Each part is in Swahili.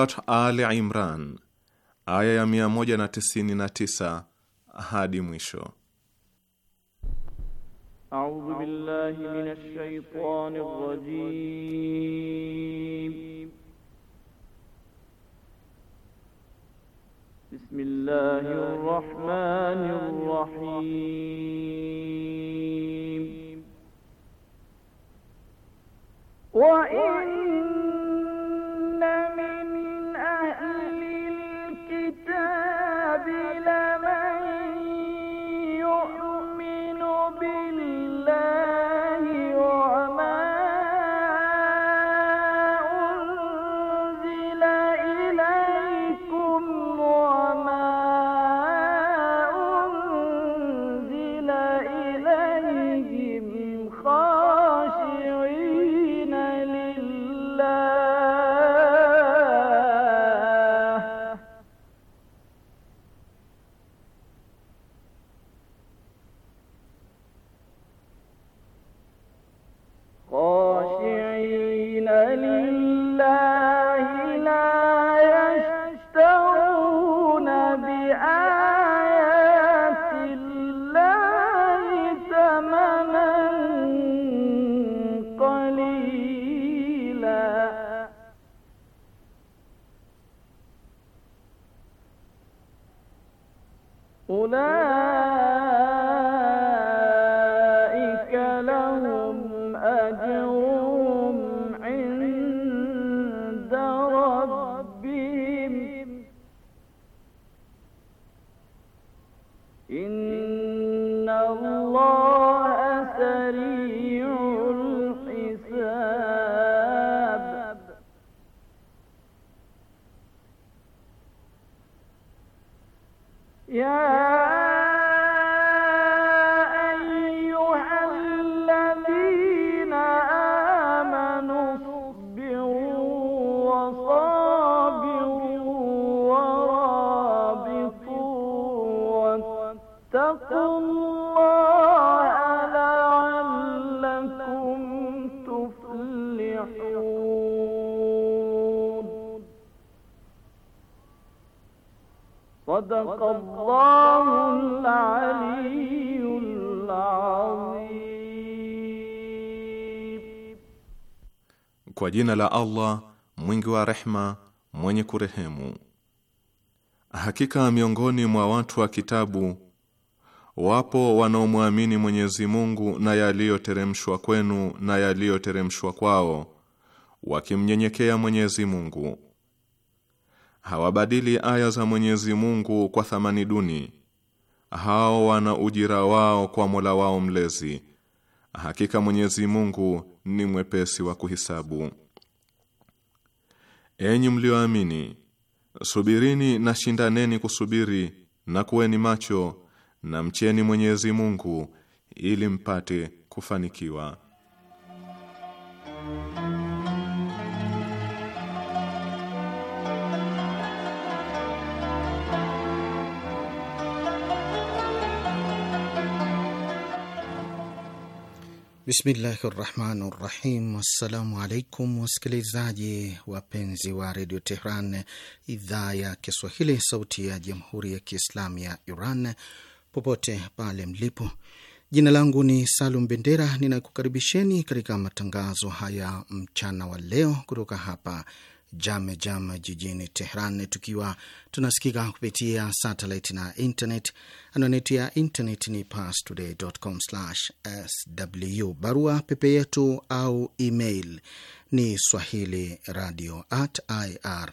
Surat Al Imran aya ya 199 hadi mwisho. Kwa jina la Allah mwingi wa rehma mwenye kurehemu. Hakika miongoni mwa watu wa kitabu Wapo wanaomwamini Mwenyezi Mungu na yaliyoteremshwa kwenu na yaliyoteremshwa kwao wakimnyenyekea Mwenyezi Mungu. Hawabadili aya za Mwenyezi Mungu kwa thamani duni. Hao wana ujira wao kwa Mola wao mlezi. Hakika Mwenyezi Mungu ni mwepesi wa kuhisabu. Enyi mlioamini, subirini na shindaneni kusubiri na kuweni macho na mcheni Mwenyezi Mungu ili mpate kufanikiwa. Bismillahi rahmani rahim. Assalamu alaikum wasikilizaji wapenzi wa redio Tehran, idhaa ya Kiswahili, sauti ya jamhuri ya kiislamu ya Iran popote pale mlipo. Jina langu ni Salum Bendera, ninakukaribisheni katika matangazo haya mchana wa leo kutoka hapa Jame Jam jijini Tehran, tukiwa tunasikika kupitia satellite na internet. Anwani ya internet ni parstoday.com/sw. Barua pepe yetu au email ni swahili radio at ir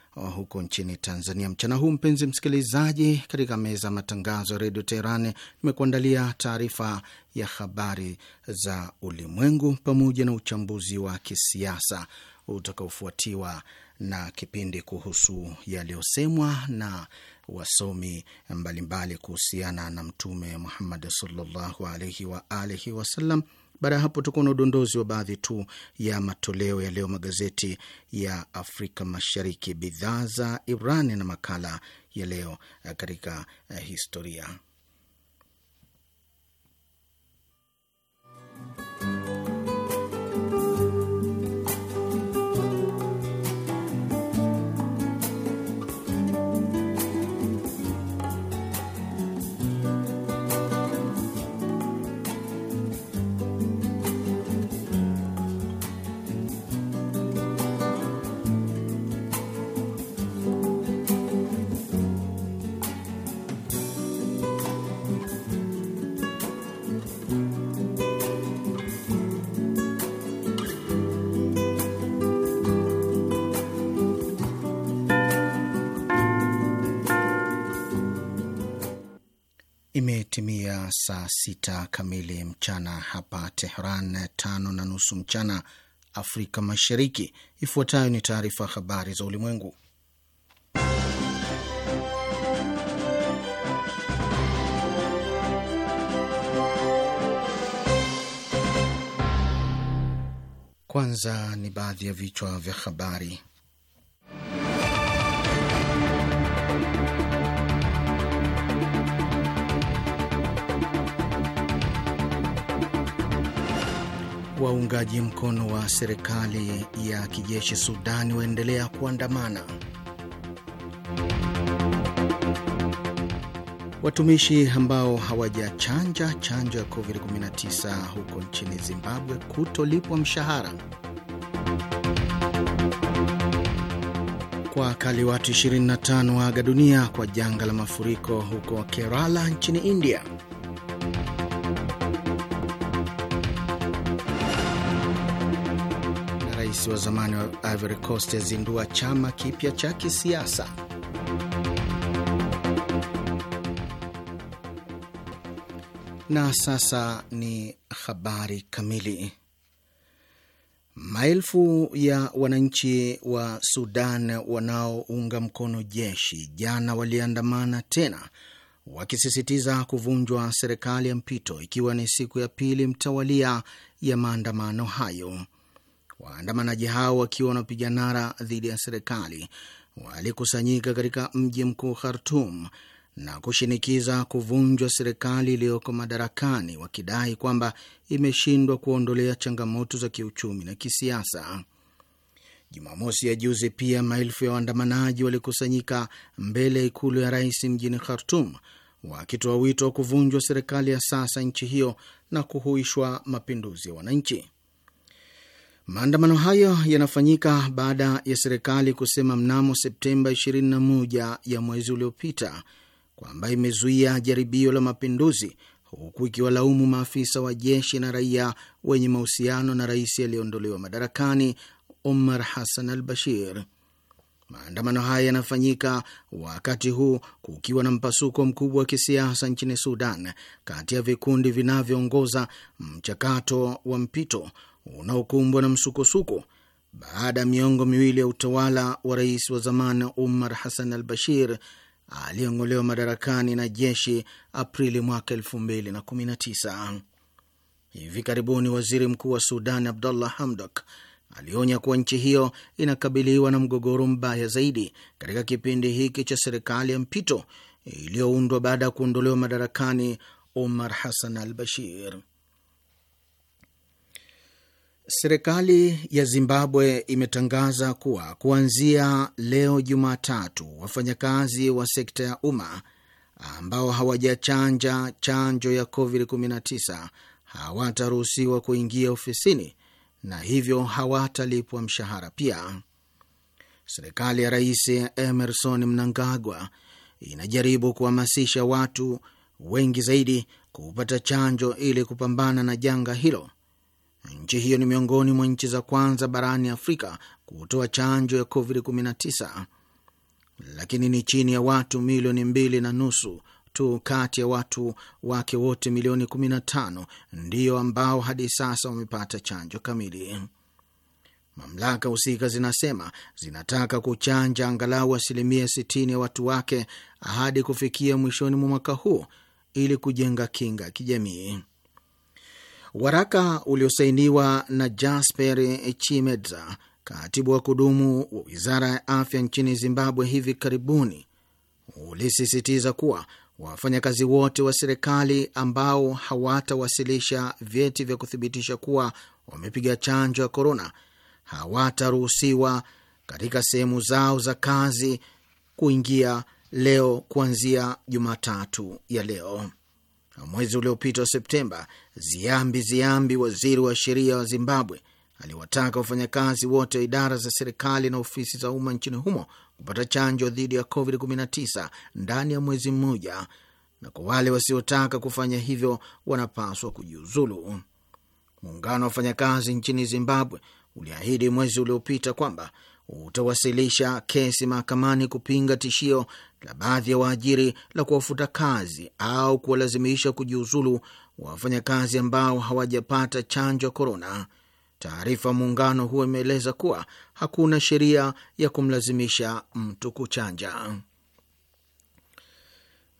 Uh, huko nchini Tanzania. Mchana huu mpenzi msikilizaji, katika meza ya matangazo ya redio Teheran nimekuandalia taarifa ya habari za ulimwengu pamoja na uchambuzi wa kisiasa utakaofuatiwa na kipindi kuhusu yaliyosemwa na wasomi mbalimbali kuhusiana na Mtume Muhammad sallallahu alaihi wa alihi wasallam baada ya hapo, tutakuwa na udondozi wa baadhi tu ya matoleo ya leo magazeti ya Afrika Mashariki, bidhaa za Iran na makala ya leo eh, katika eh, historia. Imetimia saa sita kamili mchana hapa Tehran, tano na nusu mchana Afrika Mashariki. Ifuatayo ni taarifa habari za ulimwengu, kwanza ni baadhi ya vichwa vya habari. Uungaji mkono wa serikali ya kijeshi Sudani waendelea kuandamana. Watumishi ambao hawajachanja chanjo ya COVID-19 huko nchini Zimbabwe kutolipwa mshahara. Kwa kali watu 25 waaga dunia kwa janga la mafuriko huko Kerala nchini India. rais wa zamani wa Ivory Coast azindua chama kipya cha kisiasa. Na sasa ni habari kamili. Maelfu ya wananchi wa Sudan wanaounga mkono jeshi jana waliandamana tena wakisisitiza kuvunjwa serikali ya mpito, ikiwa ni siku ya pili mtawalia ya maandamano hayo. Waandamanaji hao wakiwa wanapiga nara dhidi ya serikali walikusanyika katika mji mkuu Khartum na kushinikiza kuvunjwa serikali iliyoko madarakani, wakidai kwamba imeshindwa kuondolea changamoto za kiuchumi na kisiasa. Jumamosi ya juzi pia maelfu ya waandamanaji walikusanyika mbele ya ikulu ya rais mjini Khartum wakitoa wito wa kuvunjwa serikali ya sasa nchi hiyo na kuhuishwa mapinduzi ya wananchi. Maandamano hayo yanafanyika baada ya serikali kusema mnamo Septemba 21 ya mwezi uliopita kwamba imezuia jaribio la mapinduzi huku ikiwalaumu maafisa wa jeshi na raia wenye mahusiano na rais aliyeondolewa madarakani Omar Hassan al Bashir. Maandamano haya yanafanyika wakati huu kukiwa na mpasuko mkubwa wa kisiasa nchini Sudan kati ya vikundi vinavyoongoza mchakato wa mpito unaokumbwa na msukosuko baada ya miongo miwili ya utawala wa rais wa zamani Umar Hassan al Bashir aliyeong'olewa madarakani na jeshi Aprili mwaka 2019. Hivi karibuni waziri mkuu wa Sudan Abdullah Hamdok alionya kuwa nchi hiyo inakabiliwa na mgogoro mbaya zaidi katika kipindi hiki cha serikali ya mpito iliyoundwa baada ya kuondolewa madarakani Omar Hassan al Bashir. Serikali ya Zimbabwe imetangaza kuwa kuanzia leo Jumatatu, wafanyakazi wa sekta ya umma ambao hawajachanja chanjo ya COVID-19 hawataruhusiwa kuingia ofisini na hivyo hawatalipwa mshahara. Pia serikali ya Rais Emerson Mnangagwa inajaribu kuhamasisha watu wengi zaidi kupata chanjo ili kupambana na janga hilo Nchi hiyo ni miongoni mwa nchi za kwanza barani Afrika kutoa chanjo ya COVID-19, lakini ni chini ya watu milioni mbili na nusu tu kati ya watu wake wote milioni 15 ndiyo ambao hadi sasa wamepata chanjo kamili. Mamlaka husika zinasema zinataka kuchanja angalau asilimia 60 ya watu wake hadi kufikia mwishoni mwa mwaka huu ili kujenga kinga ya kijamii. Waraka uliosainiwa na Jasper Chimedza, katibu wa kudumu wa wizara ya afya nchini Zimbabwe, hivi karibuni ulisisitiza kuwa wafanyakazi wote wa serikali ambao hawatawasilisha vyeti vya kuthibitisha kuwa wamepiga chanjo ya korona hawataruhusiwa katika sehemu zao za kazi kuingia leo kuanzia Jumatatu ya leo mwezi uliopita wa Septemba, Ziambi Ziambi, waziri wa sheria wa Zimbabwe, aliwataka wafanyakazi wote wa idara za serikali na ofisi za umma nchini humo kupata chanjo dhidi ya COVID-19 ndani ya mwezi mmoja, na kwa wale wasiotaka kufanya hivyo wanapaswa kujiuzulu. Muungano wa wafanyakazi nchini Zimbabwe uliahidi mwezi uliopita kwamba utawasilisha kesi mahakamani kupinga tishio la baadhi ya waajiri la kuwafuta kazi au kuwalazimisha kujiuzulu wafanyakazi ambao hawajapata chanjo ya korona. Taarifa muungano huo imeeleza kuwa hakuna sheria ya kumlazimisha mtu kuchanja.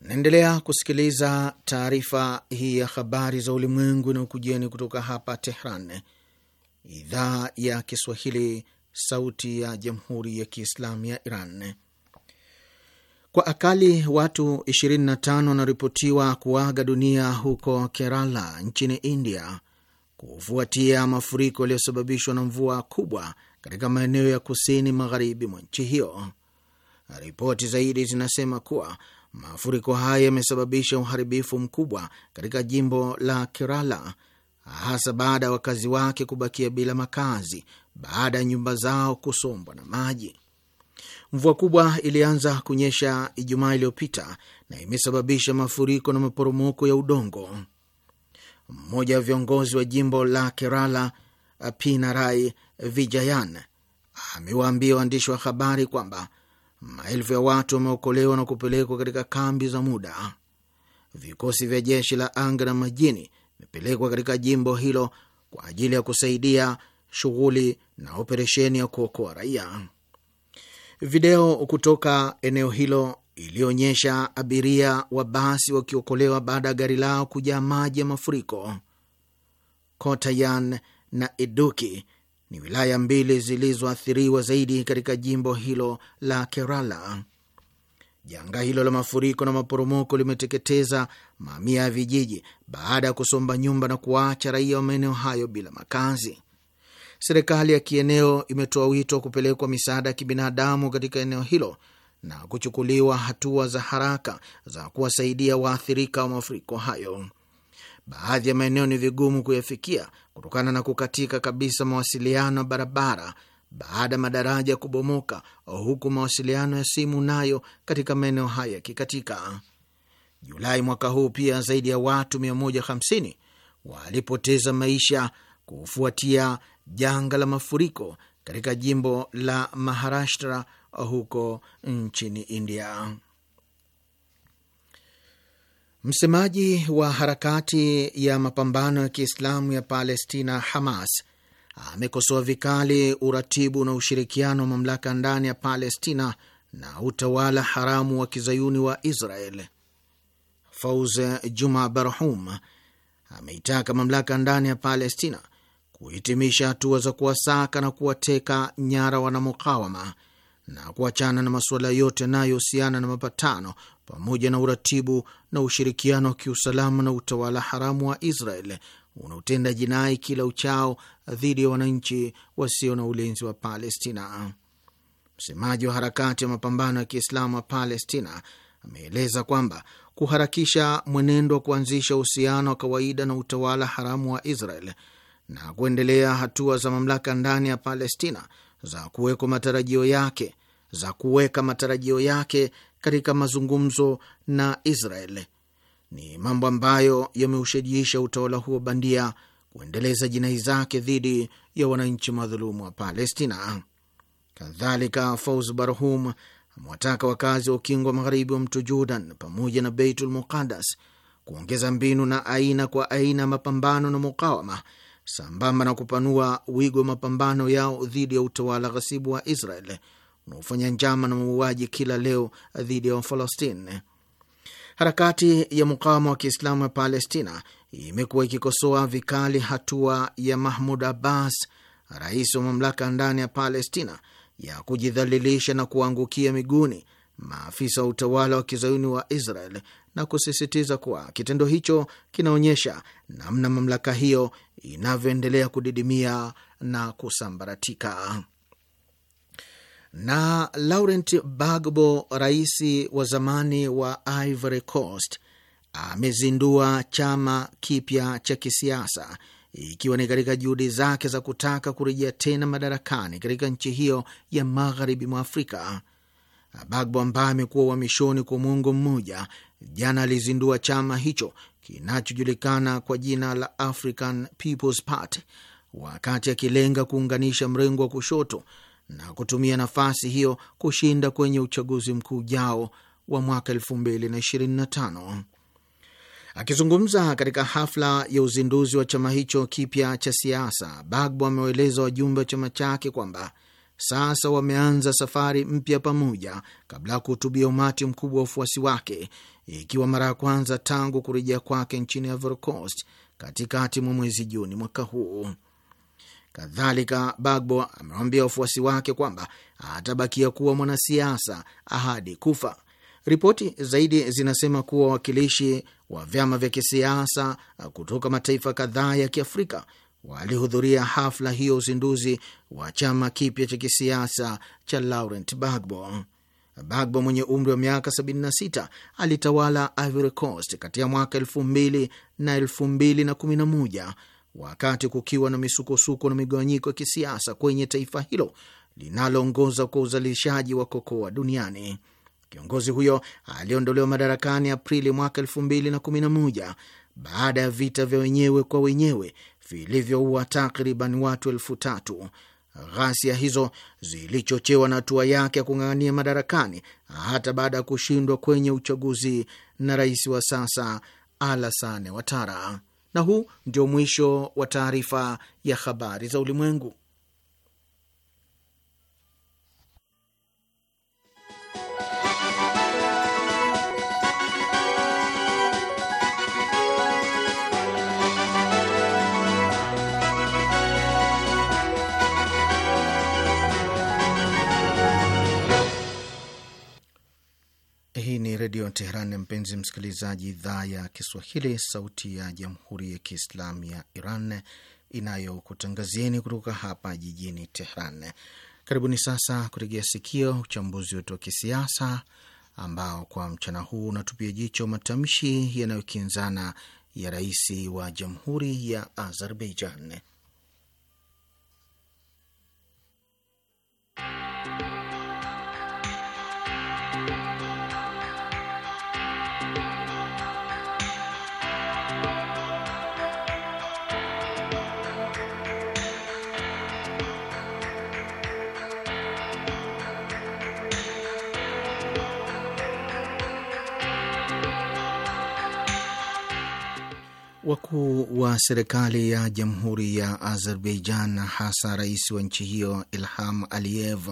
Naendelea kusikiliza taarifa hii ya habari za ulimwengu na kutoka hapa Tehran, idhaa ya Kiswahili, sauti ya jamhuri ya kiislamu ya Iran. Kwa akali watu 25 wanaripotiwa kuaga dunia huko Kerala nchini India kufuatia mafuriko yaliyosababishwa na mvua kubwa katika maeneo ya kusini magharibi mwa nchi hiyo. Ripoti zaidi zinasema kuwa mafuriko haya yamesababisha uharibifu mkubwa katika jimbo la Kerala, hasa baada ya wakazi wake kubakia bila makazi baada ya nyumba zao kusombwa na maji. Mvua kubwa ilianza kunyesha Ijumaa iliyopita na imesababisha mafuriko na maporomoko ya udongo. Mmoja wa viongozi wa jimbo la Kerala, pinarai Vijayan, amewaambia waandishi wa habari kwamba maelfu ya watu wameokolewa na kupelekwa katika kambi za muda. Vikosi vya jeshi la anga na majini vimepelekwa katika jimbo hilo kwa ajili ya kusaidia shughuli na operesheni ya kuokoa raia. Video kutoka eneo hilo ilionyesha abiria wa basi wakiokolewa baada ya gari lao kujaa maji ya mafuriko. Kotayan na Iduki ni wilaya mbili zilizoathiriwa zaidi katika jimbo hilo la Kerala. Janga hilo la mafuriko na maporomoko limeteketeza mamia ya vijiji baada ya kusomba nyumba na kuwaacha raia wa maeneo hayo bila makazi serikali ya kieneo imetoa wito wa kupelekwa misaada ya kibinadamu katika eneo hilo na kuchukuliwa hatua za haraka za kuwasaidia waathirika wa mafuriko hayo. Baadhi ya maeneo ni vigumu kuyafikia kutokana na kukatika kabisa mawasiliano ya barabara baada ya madaraja kubomoka, huku mawasiliano ya simu nayo katika maeneo hayo yakikatika. Julai mwaka huu pia zaidi ya watu 150 walipoteza maisha kufuatia janga la mafuriko katika jimbo la Maharashtra huko nchini India. Msemaji wa harakati ya mapambano ya Kiislamu ya Palestina, Hamas, amekosoa vikali uratibu na ushirikiano wa mamlaka ndani ya Palestina na utawala haramu wa kizayuni wa Israel. Fauze Juma Barhum ameitaka mamlaka ndani ya Palestina kuhitimisha hatua za kuwasaka na kuwateka nyara wanamukawama na kuachana na masuala yote yanayohusiana na mapatano pamoja na uratibu na ushirikiano wa kiusalama na utawala haramu wa Israel unaotenda jinai kila uchao dhidi ya wananchi wasio na ulinzi wa Palestina. Msemaji wa harakati ya mapambano ya Kiislamu wa Palestina ameeleza kwamba kuharakisha mwenendo wa kuanzisha uhusiano wa kawaida na utawala haramu wa Israel na kuendelea hatua za mamlaka ndani ya Palestina za kuweka matarajio yake za kuweka matarajio yake katika mazungumzo na Israel ni mambo ambayo yameushajiisha utawala huo bandia kuendeleza jinai zake dhidi ya wananchi madhulumu wa Palestina. Kadhalika, Fauz Barhum amewataka wakazi wa ukingo wa magharibi wa mto Jordan pamoja na Beitul Muqadas kuongeza mbinu na aina kwa aina ya mapambano na mukawama sambamba na kupanua wigo wa mapambano yao dhidi ya utawala ghasibu wa Israel unaofanya njama na mauaji kila leo dhidi ya Wafalastini. Harakati ya mukawama wa Kiislamu ya Palestina imekuwa ikikosoa vikali hatua ya Mahmud Abbas, rais wa mamlaka ndani ya Palestina, ya kujidhalilisha na kuangukia miguuni maafisa wa utawala wa kizayuni wa Israel na kusisitiza kuwa kitendo hicho kinaonyesha namna mamlaka hiyo inavyoendelea kudidimia na kusambaratika. Na Laurent bagbo rais wa zamani wa Ivory Coast, amezindua chama kipya cha kisiasa ikiwa ni katika juhudi zake za kutaka kurejea tena madarakani katika nchi hiyo ya magharibi mwa Afrika. Bagbo ambaye amekuwa uhamishoni kwa mwongo mmoja, jana alizindua chama hicho kinachojulikana kwa jina la African People's Party wakati akilenga kuunganisha mrengo wa kushoto na kutumia nafasi hiyo kushinda kwenye uchaguzi mkuu ujao wa mwaka 2025. Akizungumza katika hafla ya uzinduzi wa chama hicho kipya cha siasa, Bagbo amewaeleza wajumbe wa chama chake kwamba sasa wameanza safari mpya pamoja kabla ya kuhutubia umati mkubwa wa wafuasi wake, ikiwa mara ya kwanza tangu kurejea kwake nchini Ivory Coast katikati mwa mwezi Juni mwaka huu. Kadhalika, Bagbo amewaambia wafuasi wake kwamba atabakia kuwa mwanasiasa ahadi kufa. Ripoti zaidi zinasema kuwa wawakilishi wa vyama vya kisiasa kutoka mataifa kadhaa ya Kiafrika walihudhuria hafla hiyo uzinduzi wa chama kipya cha kisiasa cha Laurent bagbo Bagbo mwenye umri wa miaka 76 alitawala Ivory Coast kati ya mwaka 2000 na 2011 wakati kukiwa na misukosuko na migawanyiko ya kisiasa kwenye taifa hilo linaloongoza kwa uzalishaji wa kokoa duniani. Kiongozi huyo aliondolewa madarakani Aprili mwaka 2011 baada ya vita vya wenyewe kwa wenyewe vilivyoua takriban watu elfu tatu. Ghasia hizo zilichochewa na hatua yake ya kung'ang'ania madarakani hata baada ya kushindwa kwenye uchaguzi na rais wa sasa Alassane Ouattara. Na huu ndio mwisho wa taarifa ya habari za ulimwengu. shukran mpenzi msikilizaji. Idhaa ya Kiswahili, sauti ya jamhuri ya kiislamu ya Iran inayokutangazieni kutoka hapa jijini Tehran. Karibuni sasa kuregea sikio uchambuzi wetu wa kisiasa ambao kwa mchana huu unatupia jicho matamshi yanayokinzana ya rais wa jamhuri ya Azerbaijan. Wakuu wa serikali ya jamhuri ya Azerbaijan, hasa rais wa nchi hiyo Ilham Aliyev,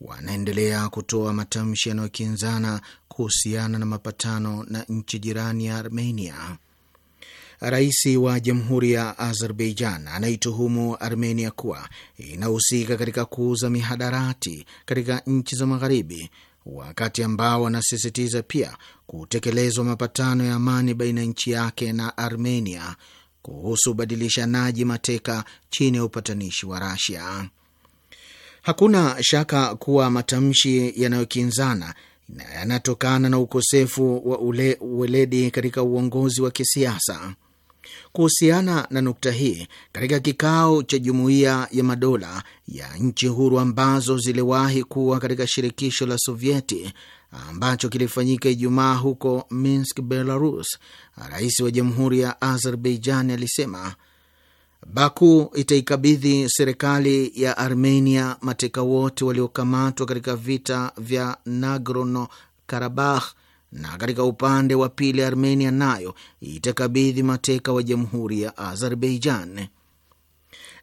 wanaendelea kutoa matamshi yanayokinzana kuhusiana na mapatano na nchi jirani ya Armenia. Rais wa jamhuri ya Azerbaijan anaituhumu Armenia kuwa inahusika katika kuuza mihadarati katika nchi za Magharibi, wakati ambao wanasisitiza pia kutekelezwa mapatano ya amani baina ya nchi yake na Armenia kuhusu ubadilishanaji mateka chini ya upatanishi wa Rasia. Hakuna shaka kuwa matamshi yanayokinzana na yanatokana na ukosefu wa ule uweledi katika uongozi wa kisiasa. Kuhusiana na nukta hii, katika kikao cha Jumuiya ya Madola ya nchi huru ambazo ziliwahi kuwa katika shirikisho la Sovieti ambacho kilifanyika Ijumaa huko Minsk, Belarus, rais wa Jamhuri ya Azerbaijan alisema Baku itaikabidhi serikali ya Armenia mateka wote waliokamatwa katika vita vya Nagorno Karabakh na katika upande wa pili Armenia nayo itakabidhi mateka wa jamhuri ya Azerbaijan.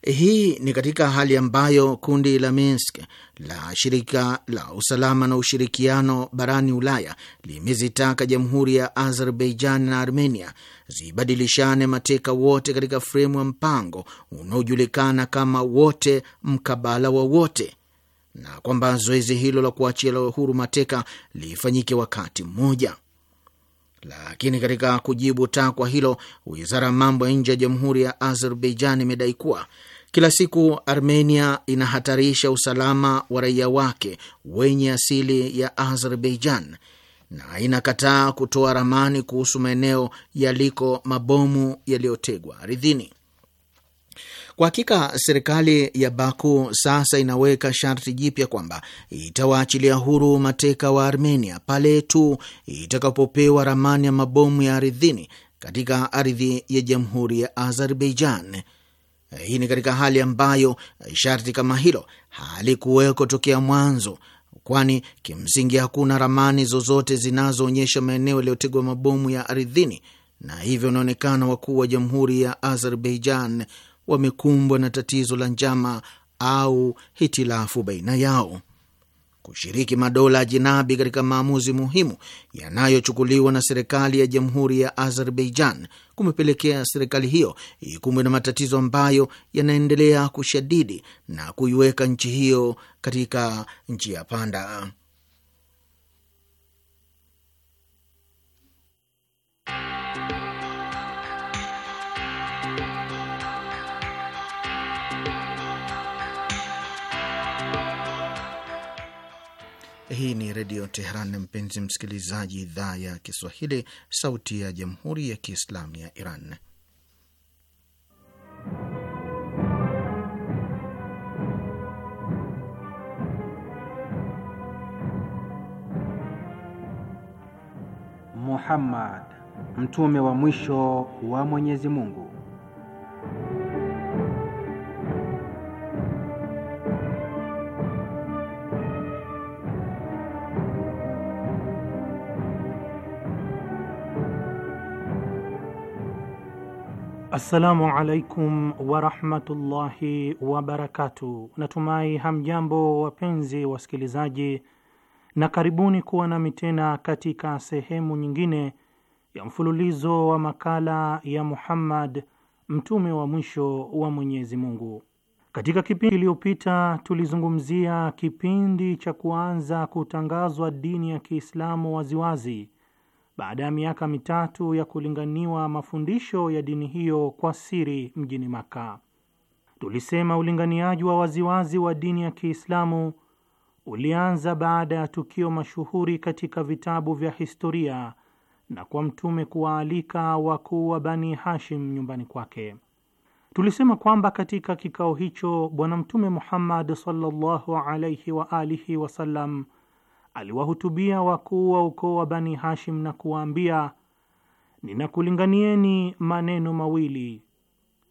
Hii ni katika hali ambayo kundi la Minsk la shirika la usalama na ushirikiano barani Ulaya limezitaka jamhuri ya Azerbaijan na Armenia zibadilishane mateka wote katika fremu ya mpango unaojulikana kama wote mkabala wa wote na kwamba zoezi hilo la kuachia huru mateka lifanyike wakati mmoja. Lakini katika kujibu takwa hilo, wizara ya mambo ya nje ya jamhuri ya Azerbaijan imedai kuwa kila siku Armenia inahatarisha usalama wa raia wake wenye asili ya Azerbaijan na inakataa kutoa ramani kuhusu maeneo yaliko mabomu yaliyotegwa ardhini. Kwa hakika serikali ya Baku sasa inaweka sharti jipya kwamba itawaachilia huru mateka wa Armenia pale tu itakapopewa ramani ya mabomu ya ardhini katika ardhi ya jamhuri ya Azerbaijan. Hii ni katika hali ambayo sharti kama hilo halikuweko tokea mwanzo, kwani kimsingi hakuna ramani zozote zinazoonyesha maeneo yaliyotegwa mabomu ya ardhini, na hivyo inaonekana wakuu wa jamhuri ya Azerbaijan wamekumbwa na tatizo la njama au hitilafu baina yao. Kushiriki madola ya jinabi katika maamuzi muhimu yanayochukuliwa na serikali ya jamhuri ya Azerbaijan kumepelekea serikali hiyo ikumbwe na matatizo ambayo yanaendelea kushadidi na kuiweka nchi hiyo katika njia panda. Hii ni Redio Teheran, mpenzi msikilizaji, idhaa ya Kiswahili, sauti ya jamhuri ya kiislamu ya Iran. Muhammad, mtume wa mwisho wa Mwenyezi Mungu. Assalamu alaikum warahmatullahi wabarakatuh. Natumai hamjambo wapenzi wasikilizaji, na karibuni kuwa nami tena katika sehemu nyingine ya mfululizo wa makala ya Muhammad mtume wa mwisho wa Mwenyezi Mungu. Katika kipindi iliyopita tulizungumzia kipindi cha kuanza kutangazwa dini ya Kiislamu waziwazi baada ya miaka mitatu ya kulinganiwa mafundisho ya dini hiyo kwa siri mjini Maka. Tulisema ulinganiaji wa waziwazi wa dini ya Kiislamu ulianza baada ya tukio mashuhuri katika vitabu vya historia na kwa Mtume kuwaalika wakuu wa Bani Hashim nyumbani kwake. Tulisema kwamba katika kikao hicho Bwana Mtume Muhammad sallallahu alaihi wa alihi wasallam aliwahutubia wakuu wa ukoo wa Bani Hashim na kuwaambia, ninakulinganieni maneno mawili: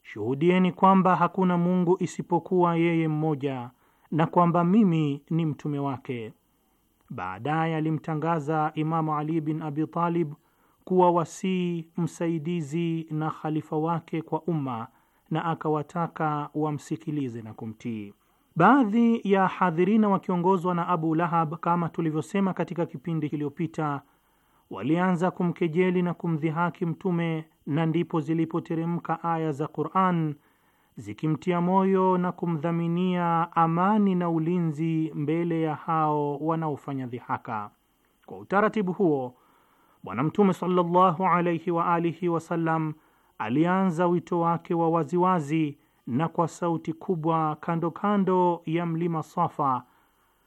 shuhudieni kwamba hakuna Mungu isipokuwa yeye mmoja na kwamba mimi ni mtume wake. Baadaye alimtangaza Imamu Ali bin Abi Talib kuwa wasii, msaidizi na khalifa wake kwa umma, na akawataka wamsikilize na kumtii. Baadhi ya hadhirina wakiongozwa na Abu Lahab, kama tulivyosema katika kipindi kiliyopita, walianza kumkejeli na kumdhihaki Mtume, na ndipo zilipoteremka aya za Quran zikimtia moyo na kumdhaminia amani na ulinzi mbele ya hao wanaofanya dhihaka. Kwa utaratibu huo, Bwana Mtume sallallahu alaihi wa alihi wasallam alianza wito wake wa waziwazi na kwa sauti kubwa kando kando ya mlima Safa,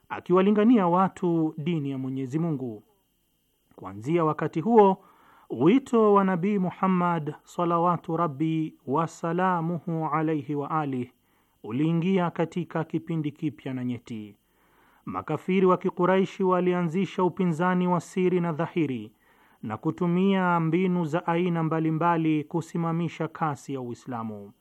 akiwalingania watu dini ya Mwenyezi Mungu. Kuanzia wakati huo wito wa Nabii Muhammad salawatu rabbi wasalamuhu alaihi wa alih uliingia katika kipindi kipya na nyeti. Makafiri wa Kikuraishi walianzisha upinzani wa siri na dhahiri na kutumia mbinu za aina mbalimbali kusimamisha kasi ya Uislamu.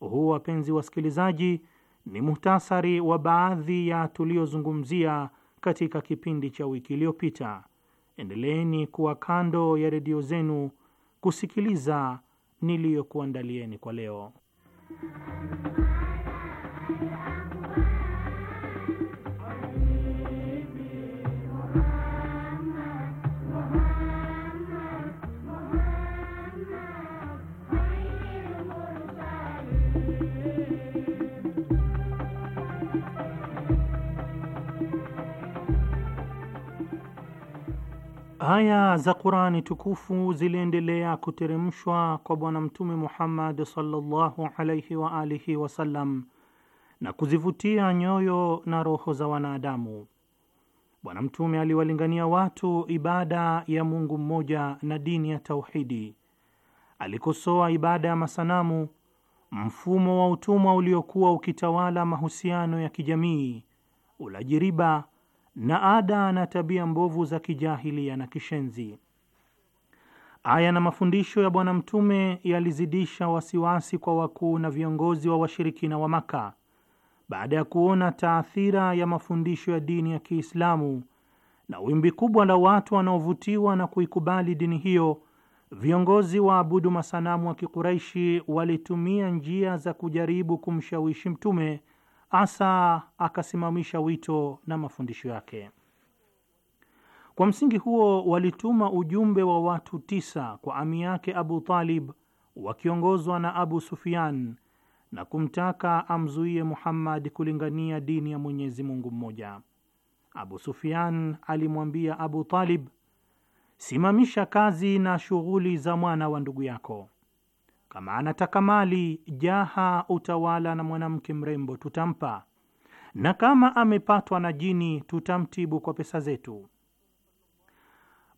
Huu, wapenzi wasikilizaji, ni muhtasari wa baadhi ya tuliyozungumzia katika kipindi cha wiki iliyopita. Endeleeni kuwa kando ya redio zenu kusikiliza niliyokuandalieni kwa leo. Aya za Qurani tukufu ziliendelea kuteremshwa kwa Bwana Mtume Muhammad sallallahu alaihi wa alihi wasallam na kuzivutia nyoyo na roho za wanadamu. Bwana Mtume aliwalingania watu ibada ya Mungu mmoja na dini ya tauhidi. Alikosoa ibada ya masanamu, mfumo wa utumwa uliokuwa ukitawala mahusiano ya kijamii, ulajiriba riba na ada na tabia mbovu za kijahilia na kishenzi. Aya na mafundisho ya Bwana Mtume yalizidisha wasiwasi kwa wakuu na viongozi wa washirikina wa Maka baada ya kuona taathira ya mafundisho ya dini ya Kiislamu na wimbi kubwa la watu wanaovutiwa na kuikubali dini hiyo. Viongozi wa abudu masanamu wa Kikuraishi walitumia njia za kujaribu kumshawishi Mtume Asa akasimamisha wito na mafundisho yake. Kwa msingi huo, walituma ujumbe wa watu tisa kwa ami yake Abu Talib wakiongozwa na Abu Sufyan na kumtaka amzuie Muhammad kulingania dini ya Mwenyezi Mungu mmoja. Abu Sufyan alimwambia Abu Talib, simamisha kazi na shughuli za mwana wa ndugu yako kama anataka mali, jaha, utawala na mwanamke mrembo, tutampa, na kama amepatwa na jini, tutamtibu kwa pesa zetu.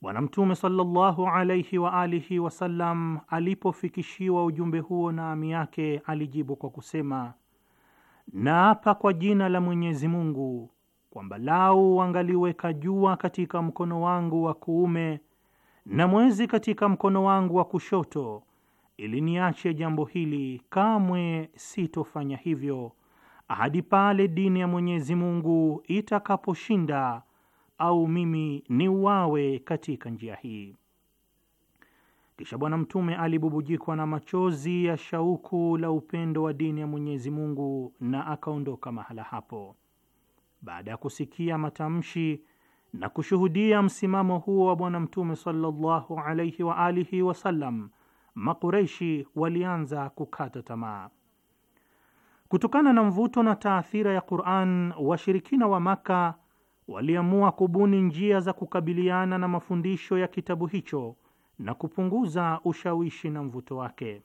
Bwana Mtume sallallahu alaihi wa alihi wasallam alipofikishiwa ujumbe huo na ami yake, alijibu kwa kusema, naapa kwa jina la Mwenyezi Mungu kwamba lau wangaliweka jua katika mkono wangu wa kuume na mwezi katika mkono wangu wa kushoto ili niache jambo hili, kamwe sitofanya hivyo hadi pale dini ya Mwenyezi Mungu itakaposhinda au mimi ni uwawe katika njia hii. Kisha Bwana Mtume alibubujikwa na machozi ya shauku la upendo wa dini ya Mwenyezi Mungu na akaondoka mahala hapo. Baada ya kusikia matamshi na kushuhudia msimamo huo wa Bwana Mtume sallallahu alaihi wa alihi wasallam Makureishi walianza kukata tamaa kutokana na mvuto na taathira ya Quran. Washirikina wa Maka waliamua kubuni njia za kukabiliana na mafundisho ya kitabu hicho na kupunguza ushawishi na mvuto wake.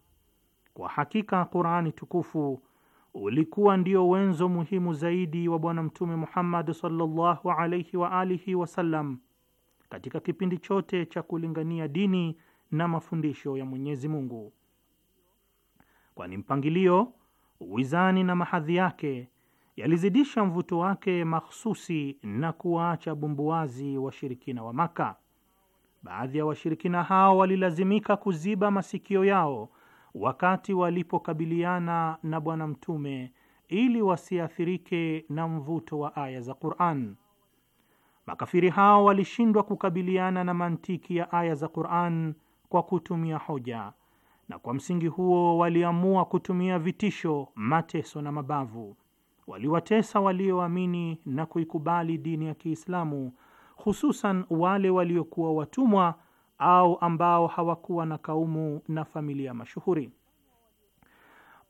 Kwa hakika Qurani tukufu ulikuwa ndio wenzo muhimu zaidi wa Bwana Mtume Muhammad sallallahu alayhi wa alihi wasallam katika kipindi chote cha kulingania dini na mafundisho ya Mwenyezi Mungu, kwani mpangilio, uwizani na mahadhi yake yalizidisha mvuto wake mahsusi na kuwaacha bumbuazi washirikina wa Maka. Baadhi ya washirikina hao walilazimika kuziba masikio yao wakati walipokabiliana na Bwana Mtume ili wasiathirike na mvuto wa aya za Qur'an. Makafiri hao walishindwa kukabiliana na mantiki ya aya za Qur'an kwa kutumia hoja, na kwa msingi huo waliamua kutumia vitisho, mateso na mabavu. Waliwatesa walioamini na kuikubali dini ya Kiislamu, hususan wale waliokuwa watumwa au ambao hawakuwa na kaumu na familia mashuhuri.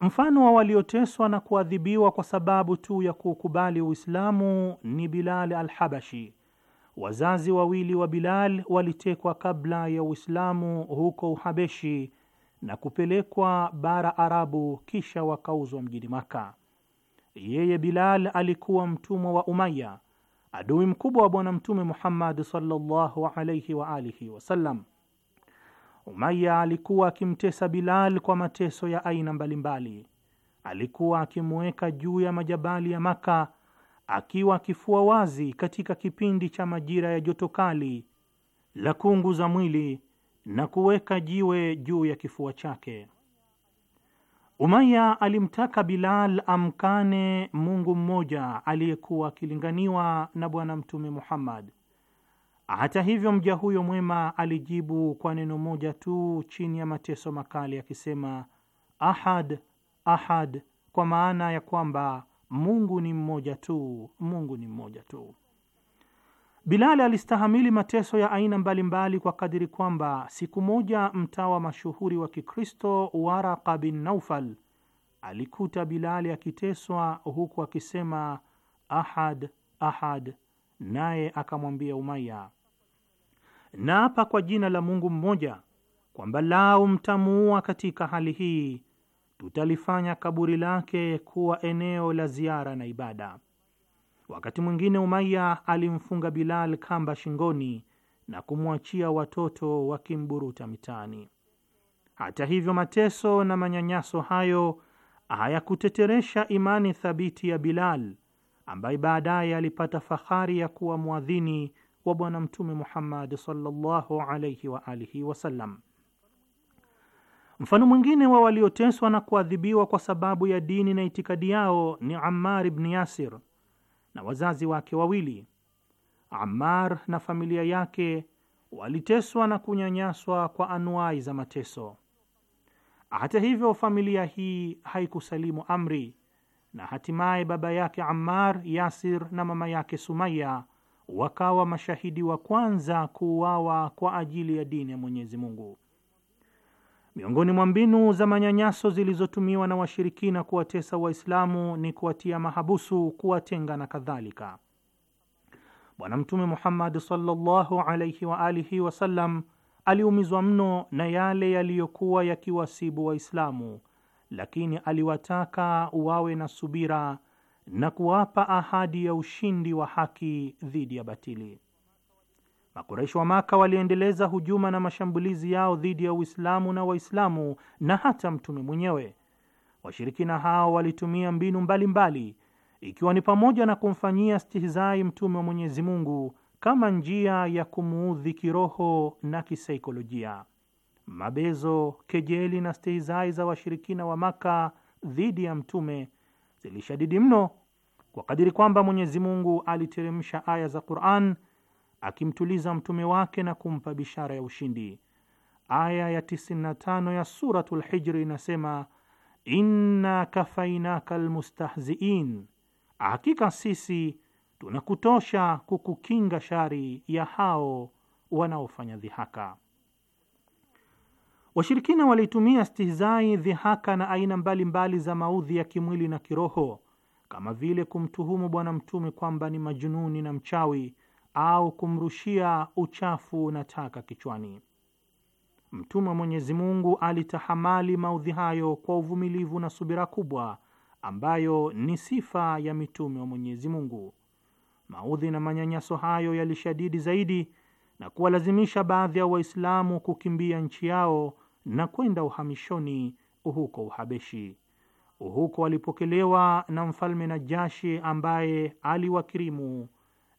Mfano wa walioteswa na kuadhibiwa kwa sababu tu ya kuukubali Uislamu ni Bilal al-Habashi Wazazi wawili wa Bilal walitekwa kabla ya Uislamu huko Uhabeshi na kupelekwa bara Arabu, kisha wakauzwa mjini Maka. Yeye Bilal alikuwa mtumwa wa Umaya, adui mkubwa wa Bwana Mtume Muhammad sallallahu alaihi wa alihi wasallam. Umaya alikuwa akimtesa Bilal kwa mateso ya aina mbalimbali. Alikuwa akimweka juu ya majabali ya Maka akiwa kifua wazi katika kipindi cha majira ya joto kali la kuunguza mwili na kuweka jiwe juu ya kifua chake. Umaya alimtaka Bilal amkane Mungu mmoja aliyekuwa akilinganiwa na Bwana Mtume Muhammad. Hata hivyo, mja huyo mwema alijibu kwa neno moja tu chini ya mateso makali akisema, ahad ahad, kwa maana ya kwamba Mungu ni mmoja tu, Mungu ni mmoja tu. Bilali alistahamili mateso ya aina mbalimbali kwa kadiri kwamba siku moja mtawa mashuhuri wa Kikristo Waraka bin Naufal alikuta Bilali akiteswa huku akisema ahad ahad, naye akamwambia Umaya, naapa kwa jina la Mungu mmoja kwamba lau mtamuua katika hali hii tutalifanya kaburi lake kuwa eneo la ziara na ibada. Wakati mwingine Umaya alimfunga Bilal kamba shingoni na kumwachia watoto wakimburuta mitaani. Hata hivyo, mateso na manyanyaso hayo hayakuteteresha imani thabiti ya Bilal ambaye baadaye alipata fahari ya kuwa mwadhini wa Bwana Mtume Muhammad sallallahu alayhi wa alihi wasallam. Mfano mwingine wa walioteswa na kuadhibiwa kwa sababu ya dini na itikadi yao ni Ammar ibn Yasir na wazazi wake wawili. Ammar na familia yake waliteswa na kunyanyaswa kwa anuai za mateso. Hata hivyo, familia hii haikusalimu amri, na hatimaye baba yake Ammar Yasir na mama yake Sumaya wakawa mashahidi wa kwanza kuuawa kwa ajili ya dini ya Mwenyezi Mungu. Miongoni mwa mbinu za manyanyaso zilizotumiwa na washirikina kuwatesa Waislamu ni kuwatia mahabusu, kuwatenga na kadhalika. Bwana Mtume Muhammad sallallahu alaihi wa alihi wasallam aliumizwa mno na yale yaliyokuwa yakiwasibu Waislamu, lakini aliwataka wawe na subira na kuwapa ahadi ya ushindi wa haki dhidi ya batili. Makuraishi wa Maka waliendeleza hujuma na mashambulizi yao dhidi ya Uislamu na Waislamu na hata mtume mwenyewe. Washirikina hao walitumia mbinu mbalimbali mbali, ikiwa ni pamoja na kumfanyia stihizai mtume wa Mwenyezi Mungu kama njia ya kumuudhi kiroho na kisaikolojia. Mabezo, kejeli na stihizai za washirikina wa Maka dhidi ya mtume zilishadidi mno kwa kadiri kwamba Mwenyezi Mungu aliteremsha aya za Qur'an akimtuliza mtume wake na kumpa bishara ya ushindi. Aya ya 95 ya Suratul Hijri inasema inna kafainaka almustahziin, hakika sisi tunakutosha kukukinga shari ya hao wanaofanya dhihaka. Washirikina walitumia stihzai, dhihaka na aina mbalimbali mbali za maudhi ya kimwili na kiroho, kama vile kumtuhumu Bwana Mtume kwamba ni majununi na mchawi au kumrushia uchafu na taka kichwani. Mtume wa Mwenyezi Mungu alitahamali maudhi hayo kwa uvumilivu na subira kubwa ambayo ni sifa ya mitume wa Mwenyezi Mungu. Maudhi na manyanyaso hayo yalishadidi zaidi na kuwalazimisha baadhi ya Waislamu kukimbia nchi yao na kwenda uhamishoni huko Uhabeshi. Huko walipokelewa na mfalme Najashi ambaye aliwakirimu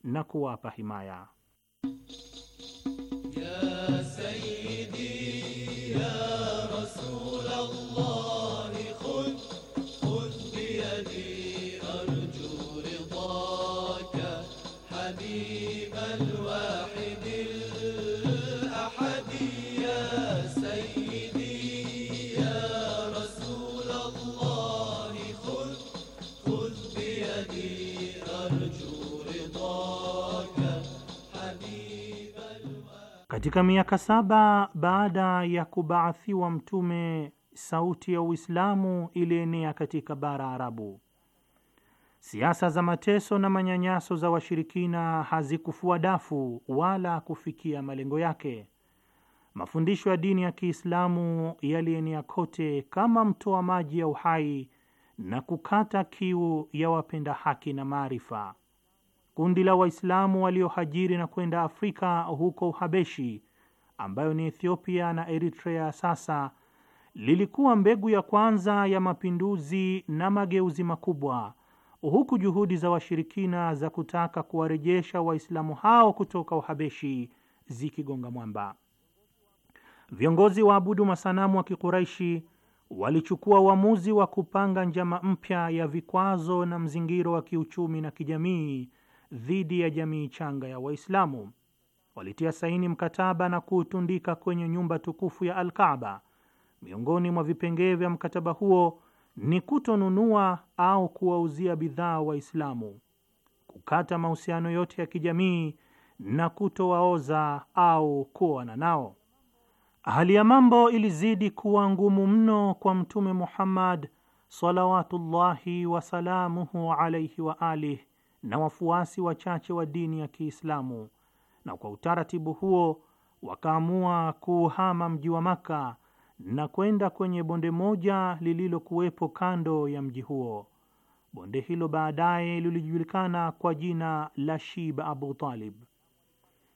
na kuwapa himaya. Katika miaka saba baada ya kubaathiwa Mtume, sauti ya Uislamu ilienea katika bara Arabu. Siasa za mateso na manyanyaso za washirikina hazikufua dafu wala kufikia malengo yake. Mafundisho ya dini ya Kiislamu yalienea kote kama mtoa maji ya uhai na kukata kiu ya wapenda haki na maarifa kundi la Waislamu waliohajiri na kwenda Afrika huko Uhabeshi, ambayo ni Ethiopia na Eritrea sasa, lilikuwa mbegu ya kwanza ya mapinduzi na mageuzi makubwa, huku juhudi za washirikina za kutaka kuwarejesha Waislamu hao kutoka Uhabeshi zikigonga mwamba. Viongozi wa abudu masanamu wa Kikuraishi walichukua uamuzi wa kupanga njama mpya ya vikwazo na mzingiro wa kiuchumi na kijamii dhidi ya jamii changa ya Waislamu. Walitia saini mkataba na kuutundika kwenye nyumba tukufu ya Alkaaba. Miongoni mwa vipengee vya mkataba huo ni kutonunua au kuwauzia bidhaa Waislamu, kukata mahusiano yote ya kijamii na kutowaoza au kuoana nao. Hali ya mambo ilizidi kuwa ngumu mno kwa Mtume Muhammad salawatullahi wasalamuhu alaihi wa alihi na wafuasi wachache wa dini ya Kiislamu, na kwa utaratibu huo wakaamua kuuhama mji wa Maka na kwenda kwenye bonde moja lililokuwepo kando ya mji huo. Bonde hilo baadaye lilijulikana kwa jina la Shib Abu Talib.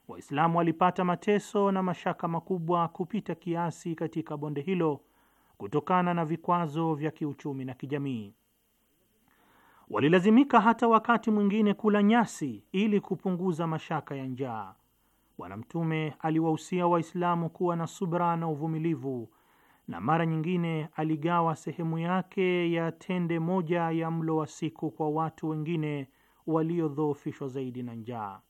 Waislamu walipata mateso na mashaka makubwa kupita kiasi katika bonde hilo kutokana na vikwazo vya kiuchumi na kijamii. Walilazimika hata wakati mwingine kula nyasi ili kupunguza mashaka ya njaa. Bwana Mtume aliwahusia Waislamu kuwa na subra na uvumilivu, na mara nyingine aligawa sehemu yake ya tende moja ya mlo wa siku kwa watu wengine waliodhoofishwa zaidi na njaa.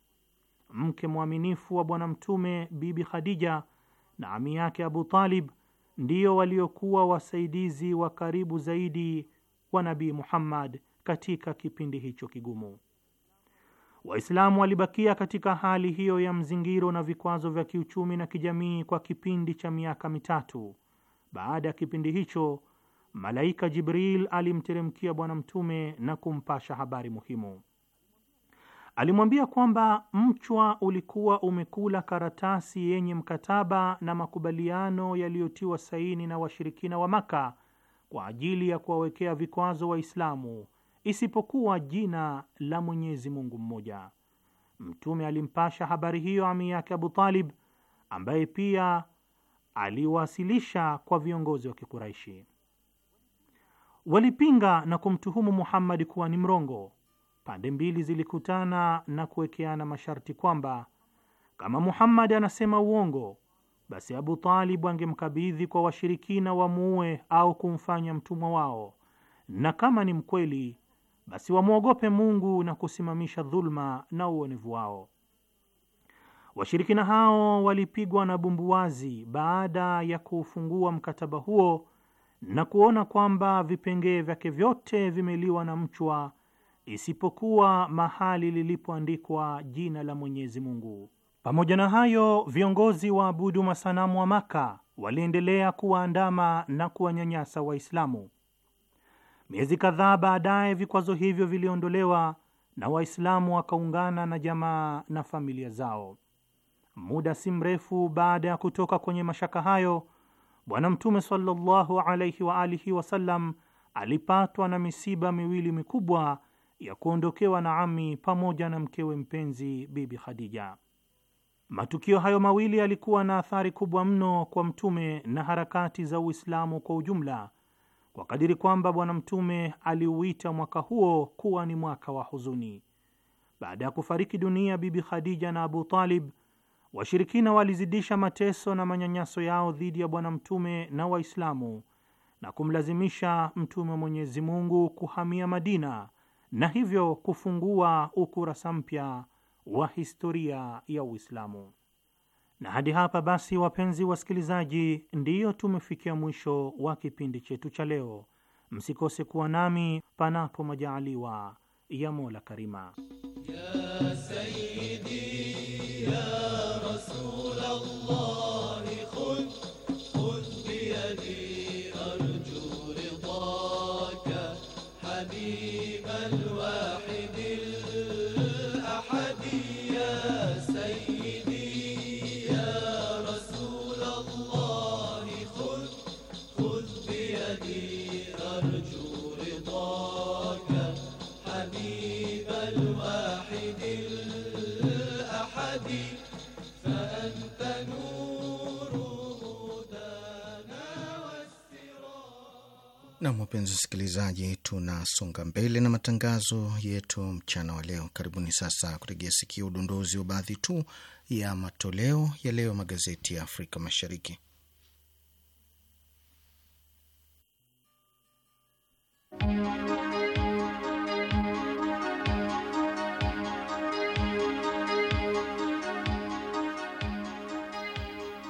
Mke mwaminifu wa Bwana Mtume, Bibi Khadija, na ami yake Abu Talib ndio waliokuwa wasaidizi wa karibu zaidi wa Nabii Muhammad katika kipindi hicho kigumu. Waislamu walibakia katika hali hiyo ya mzingiro na vikwazo vya kiuchumi na kijamii kwa kipindi cha miaka mitatu. Baada ya kipindi hicho, malaika Jibril alimteremkia Bwana Mtume na kumpasha habari muhimu. Alimwambia kwamba mchwa ulikuwa umekula karatasi yenye mkataba na makubaliano yaliyotiwa saini na washirikina wa Maka kwa ajili ya kuwawekea vikwazo Waislamu isipokuwa jina la Mwenyezi Mungu mmoja. Mtume alimpasha habari hiyo ami yake Abu Talib, ambaye pia aliwasilisha kwa viongozi wa Kikuraishi. Walipinga na kumtuhumu Muhammad kuwa ni mrongo. Pande mbili zilikutana na kuwekeana masharti kwamba kama Muhammad anasema uongo, basi Abu Talib angemkabidhi kwa washirikina wamuue au kumfanya mtumwa wao, na kama ni mkweli basi wamwogope Mungu na kusimamisha dhulma na uonevu wao. Washirikina hao walipigwa na bumbuwazi baada ya kuufungua mkataba huo na kuona kwamba vipengee vyake vyote vimeliwa na mchwa isipokuwa mahali lilipoandikwa jina la Mwenyezi Mungu. Pamoja na hayo, viongozi wa abudu masanamu wa Maka waliendelea kuwaandama na kuwanyanyasa Waislamu. Miezi kadhaa baadaye vikwazo hivyo viliondolewa na Waislamu wakaungana na jamaa na familia zao. Muda si mrefu baada ya kutoka kwenye mashaka hayo, Bwana Mtume sallallahu alaihi wa alihi wasallam alipatwa na misiba miwili mikubwa ya kuondokewa na ami pamoja na mkewe mpenzi Bibi Khadija. Matukio hayo mawili yalikuwa na athari kubwa mno kwa Mtume na harakati za Uislamu kwa ujumla kwa kadiri kwamba Bwana Mtume aliuita mwaka huo kuwa ni mwaka wa huzuni. Baada ya kufariki dunia Bibi Khadija na Abu Talib, washirikina walizidisha mateso na manyanyaso yao dhidi ya Bwana Mtume na Waislamu na kumlazimisha Mtume wa Mwenyezi Mungu kuhamia Madina na hivyo kufungua ukurasa mpya wa historia ya Uislamu. Na hadi hapa basi, wapenzi wasikilizaji, ndiyo tumefikia mwisho wa kipindi chetu cha leo. Msikose kuwa nami panapo majaaliwa ya Mola Karima ya Sayyidi, ya Nam, wapenzi wasikilizaji, tunasonga mbele na matangazo yetu mchana wa leo. Karibuni sasa kutegea sikia udondozi wa baadhi tu ya matoleo ya leo magazeti ya Afrika Mashariki.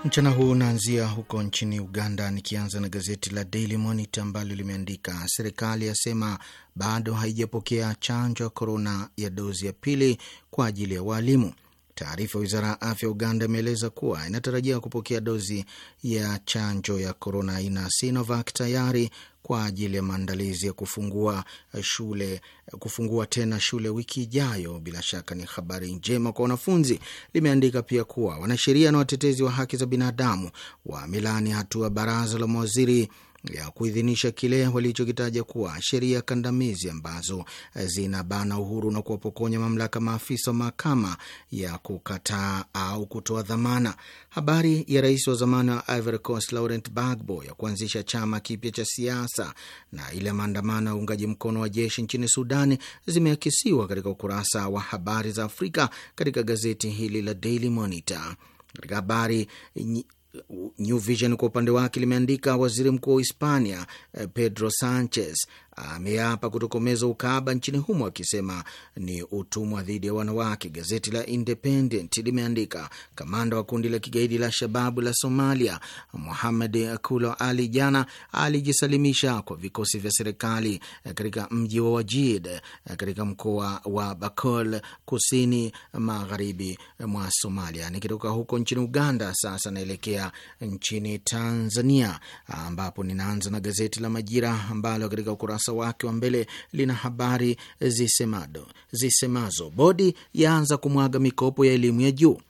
Mchana huu unaanzia huko nchini Uganda, nikianza na gazeti la Daily Monitor ambalo limeandika serikali yasema bado haijapokea chanjo ya korona ya dozi ya pili kwa ajili ya waalimu. Taarifa ya wizara ya afya Uganda imeeleza kuwa inatarajia kupokea dozi ya chanjo ya korona aina Sinovac tayari kwa ajili ya maandalizi ya kufungua eh, shule eh, kufungua tena shule wiki ijayo. Bila shaka ni habari njema kwa wanafunzi. Limeandika pia kuwa wanasheria na watetezi wa haki za binadamu wamelaani hatua baraza la mawaziri ya kuidhinisha kile walichokitaja kuwa sheria kandamizi ambazo zinabana uhuru na kuwapokonya mamlaka maafisa wa mahakama ya kukataa au kutoa dhamana. Habari ya rais wa zamani wa Ivory Coast Laurent Gbagbo ya kuanzisha chama kipya cha siasa na ile maandamano ya uungaji mkono wa jeshi nchini Sudani zimeakisiwa katika ukurasa wa habari za Afrika katika gazeti hili la Daily Monitor. Katika habari New Vision kwa upande wake limeandika waziri mkuu wa Hispania eh, Pedro Sanchez ameapa kutokomeza ukaba nchini humo, akisema ni utumwa dhidi ya wanawake. Gazeti la Independent limeandika kamanda wa kundi la kigaidi la Shababu la Somalia Muhamed Kulo Ali jana alijisalimisha kwa vikosi vya serikali katika mji wa Wajid katika mkoa wa Bakol kusini magharibi mwa Somalia. Nikitoka huko nchini Uganda, sasa naelekea nchini Tanzania ambapo ninaanza na gazeti la Majira ambalo katika ukurasa ukurasa wake wa mbele lina habari zisemado, zisemazo bodi yaanza kumwaga mikopo ya elimu ya juu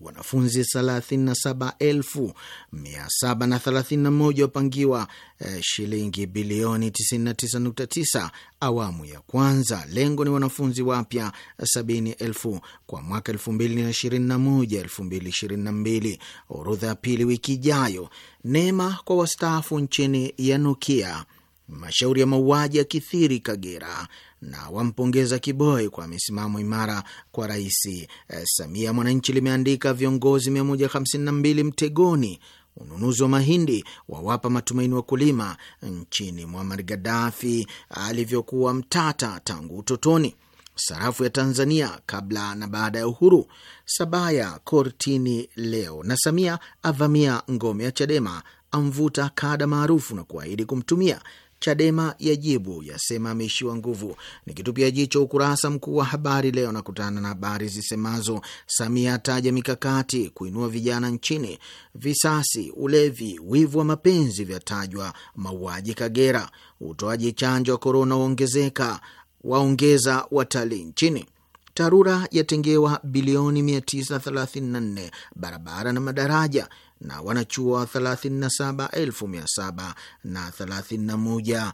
wanafunzi 37,731 wapangiwa eh, shilingi bilioni 99.9 awamu ya kwanza. Lengo ni wanafunzi wapya 70,000 kwa mwaka 2021/2022. Orodha ya pili wiki ijayo. Neema kwa wastaafu nchini yanukia mashauri ya mauaji ya kithiri Kagera na wampongeza Kiboi kwa misimamo imara kwa Rais eh, Samia. Mwananchi limeandika viongozi 152 mtegoni ununuzi wa mahindi wawapa matumaini wakulima. Nchini Muammar Gaddafi alivyokuwa mtata tangu utotoni. Sarafu ya Tanzania kabla na baada ya uhuru. Sabaya kortini leo, na Samia avamia ngome ya Chadema, amvuta kada maarufu na kuahidi kumtumia Chadema ya jibu yasema ameishiwa nguvu. ni kitupia jicho ukurasa mkuu wa Habari Leo na kutana na habari zisemazo: Samia ataja mikakati kuinua vijana nchini, visasi, ulevi, wivu wa mapenzi vyatajwa, mauaji Kagera, utoaji chanjo wa korona waongezeka, waongeza watalii nchini TARURA yatengewa bilioni 934 barabara na madaraja na wanachuo 37,731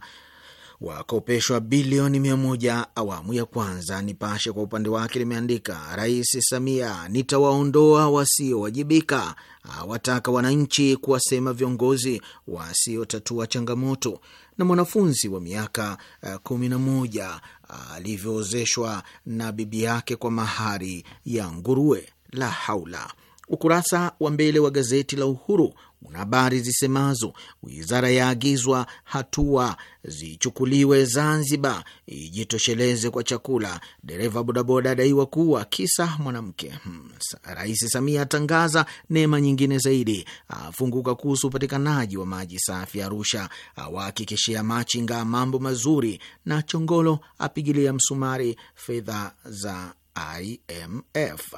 wakopeshwa bilioni mia awamu ya kwanza. Nipashe kwa upande wake limeandika Rais Samia, nitawaondoa wasiowajibika, awataka wananchi kuwasema viongozi wasiotatua changamoto, na mwanafunzi wa miaka eh, kumi na moja alivyoozeshwa na bibi yake kwa mahari ya nguruwe. La haula Ukurasa wa mbele wa gazeti la Uhuru una habari zisemazo wizara yaagizwa hatua zichukuliwe Zanzibar ijitosheleze kwa chakula, dereva bodaboda adaiwa kuwa kisa mwanamke. Hmm, Rais Samia atangaza neema nyingine zaidi, afunguka kuhusu upatikanaji wa maji safi Arusha, awahakikishia machinga mambo mazuri, na Chongolo apigilia msumari fedha za IMF.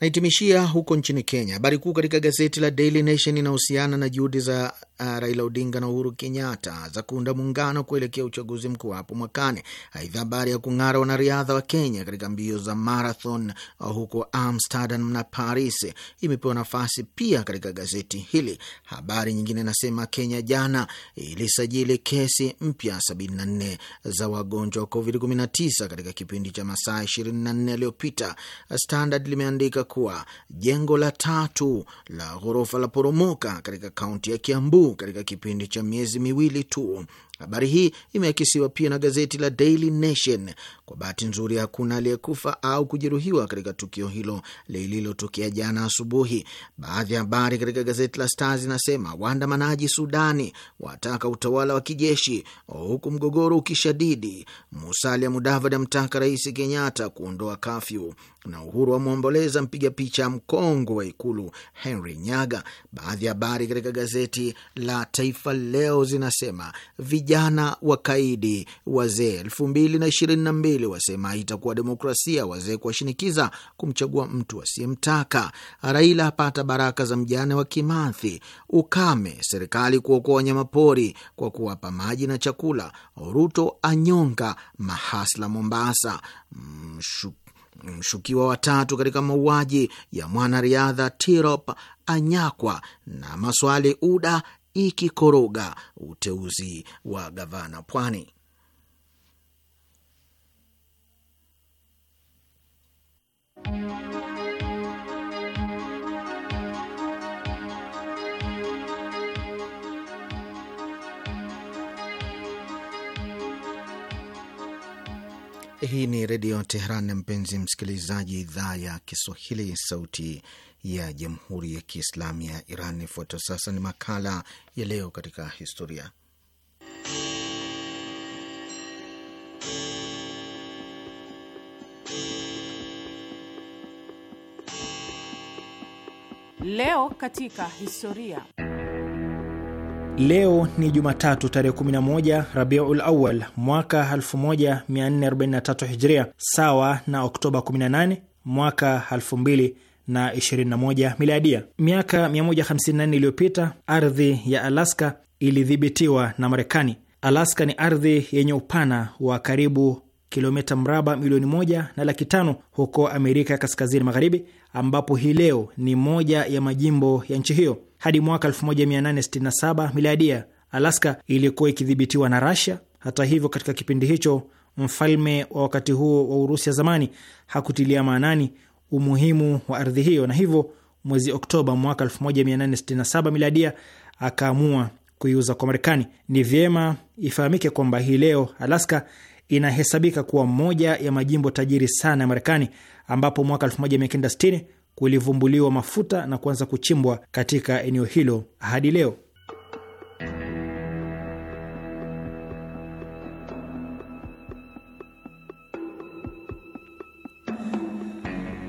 Naitimishia huko nchini Kenya. Habari kuu katika gazeti la Daily Nation inahusiana na juhudi za Uh, Raila Odinga na Uhuru Kenyatta za kuunda muungano kuelekea uchaguzi mkuu hapo mwakani. Aidha, habari ya kung'ara wanariadha wa Kenya katika mbio za marathon uh, huko Amsterdam na Paris imepewa nafasi pia katika gazeti hili. Habari nyingine inasema Kenya jana ilisajili kesi mpya 74 za wagonjwa wa COVID-19 katika kipindi cha masaa 24 yaliyopita. Standard limeandika kuwa jengo la tatu la ghorofa la poromoka katika kaunti ya Kiambu katika kipindi cha miezi miwili tu Habari hii imeakisiwa pia na gazeti la Daily Nation. Kwa bahati nzuri, hakuna aliyekufa au kujeruhiwa katika tukio hilo lililotokea jana asubuhi. Baadhi ya habari katika gazeti la Star zinasema waandamanaji Sudani wataka utawala wa kijeshi huku mgogoro ukishadidi. Musalia Mudavadi amtaka Rais Kenyatta kuondoa kafyu, na Uhuru amwomboleza mpiga picha mkongwe wa Ikulu Henry Nyaga. Baadhi ya habari katika gazeti la Taifa Leo zinasema vijana vijana wakaidi wazee elfu mbili na ishirini na mbili wasema itakuwa demokrasia wazee kuwashinikiza kumchagua mtu asiyemtaka. Raila apata baraka za mjane wa Kimathi. Ukame, serikali kuokoa wanyamapori kwa kuwapa maji na chakula. Ruto anyonga mahasla Mombasa. Mshuk mshukiwa watatu katika mauaji ya mwanariadha Tirop anyakwa na maswali UDA ikikoroga uteuzi wa gavana Pwani. Hii ni Redio Teheran, mpenzi msikilizaji, idhaa ya Kiswahili, sauti ya jamhuri ya Kiislamu ya Iran. ifuata sasa ni makala ya leo katika historia. Leo katika historia Leo ni Jumatatu tarehe 11 Rabiul Awal mwaka 1443 Hijria, sawa na Oktoba 18 mwaka 2021 Miladia. Miaka 154 iliyopita ardhi ya Alaska ilidhibitiwa na Marekani. Alaska ni ardhi yenye upana wa karibu kilomita mraba milioni moja na laki tano huko Amerika ya Kaskazini Magharibi, ambapo hii leo ni moja ya majimbo ya nchi hiyo. Hadi mwaka 1867 miliadia, Alaska ilikuwa ikidhibitiwa na rasia Hata hivyo, katika kipindi hicho mfalme wa wakati huo wa Urusi ya zamani hakutilia maanani umuhimu wa ardhi hiyo, na hivyo mwezi Oktoba mwaka 1867 miliadia akaamua kuiuza kwa Marekani. Ni vyema ifahamike kwamba hii leo Alaska inahesabika kuwa moja ya majimbo tajiri sana ya Marekani, ambapo mwaka 1960 kulivumbuliwa mafuta na kuanza kuchimbwa katika eneo hilo hadi leo.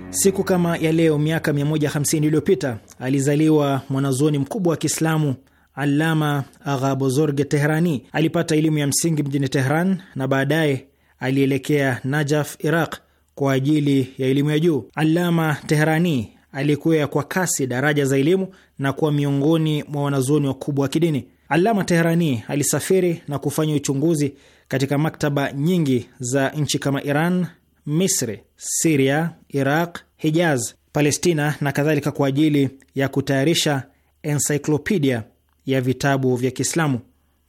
Siku kama ya leo miaka 150 iliyopita alizaliwa mwanazuoni mkubwa wa Kiislamu Allama Aghabozorge Tehrani alipata elimu ya msingi mjini Tehran na baadaye alielekea Najaf, Iraq kwa ajili ya elimu ya juu. Allama Tehrani alikuwa kwa kasi daraja za elimu na kuwa miongoni mwa wanazuoni wakubwa wa kidini. Allama Tehrani alisafiri na kufanya uchunguzi katika maktaba nyingi za nchi kama Iran, Misri, Siria, Iraq, Hijaz, Palestina na kadhalika kwa ajili ya kutayarisha encyclopedia ya vitabu vya Kiislamu.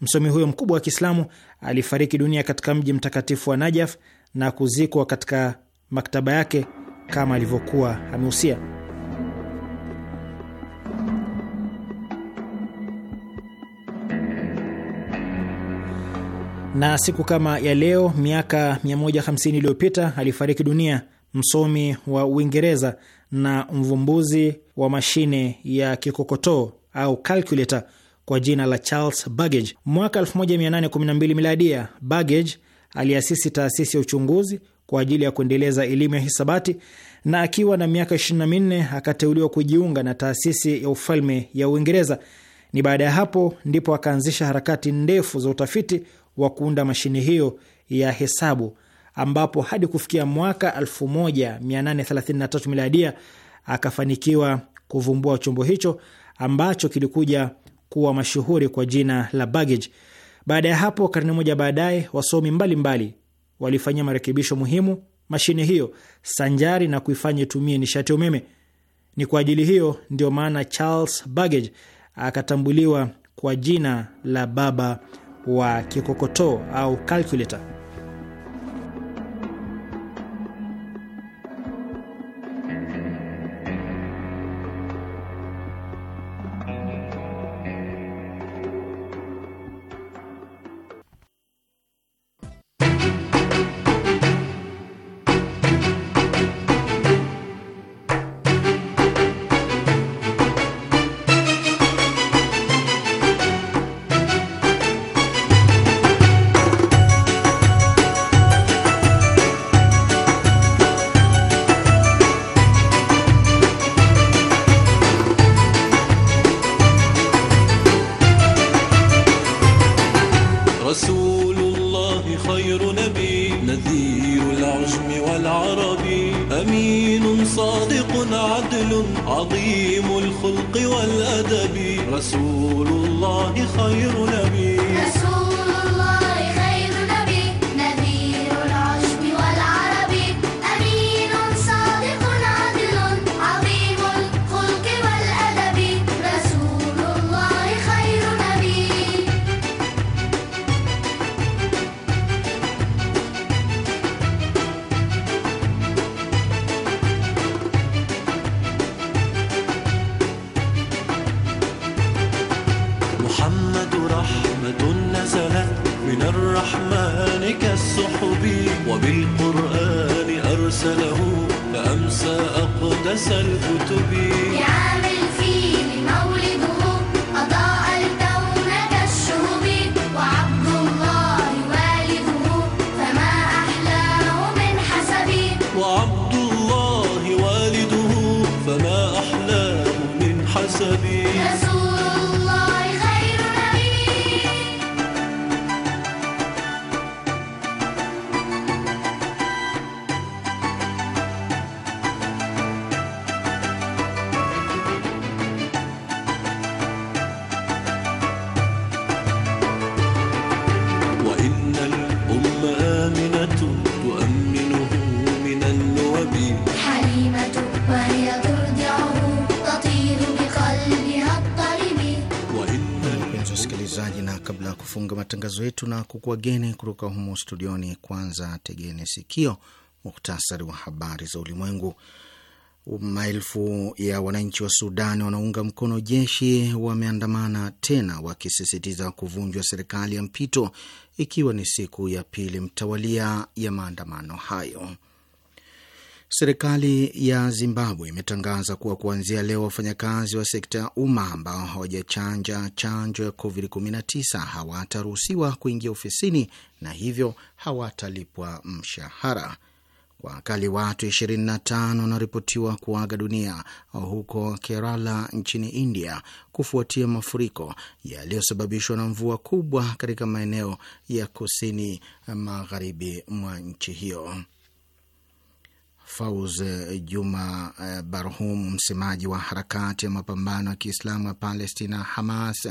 Msomi huyo mkubwa wa Kiislamu alifariki dunia katika mji mtakatifu wa Najaf na kuzikwa katika maktaba yake kama alivyokuwa amehusia. Na siku kama ya leo miaka 150 iliyopita alifariki dunia msomi wa Uingereza na mvumbuzi wa mashine ya kikokotoo au calculator kwa jina la Charles Babbage. Mwaka 1812 miladia, Babbage aliasisi taasisi ya uchunguzi kwa ajili ya kuendeleza elimu ya hisabati na akiwa na miaka 24 akateuliwa kujiunga na taasisi ya ufalme ya Uingereza. Ni baada ya hapo ndipo akaanzisha harakati ndefu za utafiti wa kuunda mashine hiyo ya hesabu, ambapo hadi kufikia mwaka 1833 miladia akafanikiwa kuvumbua chombo hicho ambacho kilikuja kuwa mashuhuri kwa jina la Baggage. Baada ya hapo, karne moja baadaye, wasomi mbalimbali walifanyia marekebisho muhimu mashine hiyo sanjari na kuifanya itumie nishati ya umeme. Ni kwa ajili hiyo ndio maana Charles Babbage akatambuliwa kwa jina la baba wa kikokotoo au calculator. matangazo yetu na kukuageni kutoka humo studioni. Kwanza tegene sikio muktasari wa habari za ulimwengu. Maelfu ya wananchi wa Sudani wanaunga mkono jeshi wameandamana tena wakisisitiza kuvunjwa serikali ya mpito, ikiwa ni siku ya pili mtawalia ya maandamano hayo. Serikali ya Zimbabwe imetangaza kuwa kuanzia leo wafanyakazi wa sekta ya umma ambao hawajachanja chanjo ya COVID-19 hawataruhusiwa kuingia ofisini na hivyo hawatalipwa mshahara. Kwa akali watu 25 wanaripotiwa kuaga dunia huko Kerala nchini India kufuatia mafuriko yaliyosababishwa na mvua kubwa katika maeneo ya kusini magharibi mwa nchi hiyo. Fauz eh, Juma eh, Barhum, msemaji wa harakati ya mapambano ya Kiislamu ya Palestina, Hamas,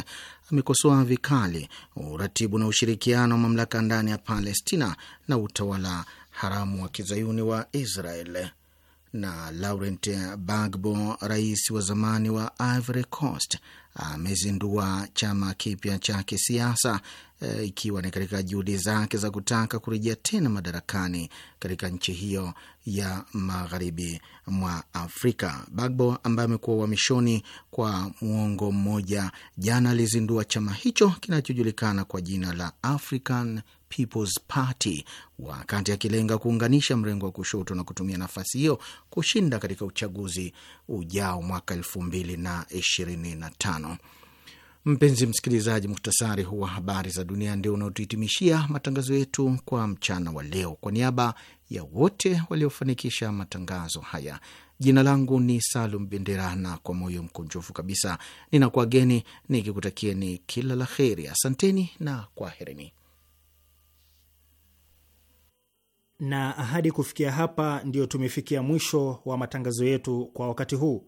amekosoa vikali uratibu na ushirikiano wa mamlaka ndani ya Palestina na utawala haramu wa kizayuni wa Israel. Na Laurent bagbo rais wa zamani wa Ivory Coast, amezindua chama kipya cha kisiasa Eh, ikiwa ni katika juhudi zake za kutaka kurejea tena madarakani katika nchi hiyo ya magharibi mwa Afrika. Bagbo ambaye amekuwa uhamishoni kwa mwongo mmoja, jana alizindua chama hicho kinachojulikana kwa jina la African People's Party wakati akilenga kuunganisha mrengo wa kushoto na kutumia nafasi hiyo kushinda katika uchaguzi ujao mwaka elfu mbili na ishirini na tano. Mpenzi msikilizaji, muhtasari huu wa habari za dunia ndio unaotuhitimishia matangazo yetu kwa mchana wa leo. Kwa niaba ya wote waliofanikisha matangazo haya, jina langu ni Salum Bendera, na kwa moyo mkunjufu kabisa ninakuageni nikikutakieni kila la heri. Asanteni na kwaherini. Na ahadi kufikia hapa, ndio tumefikia mwisho wa matangazo yetu kwa wakati huu.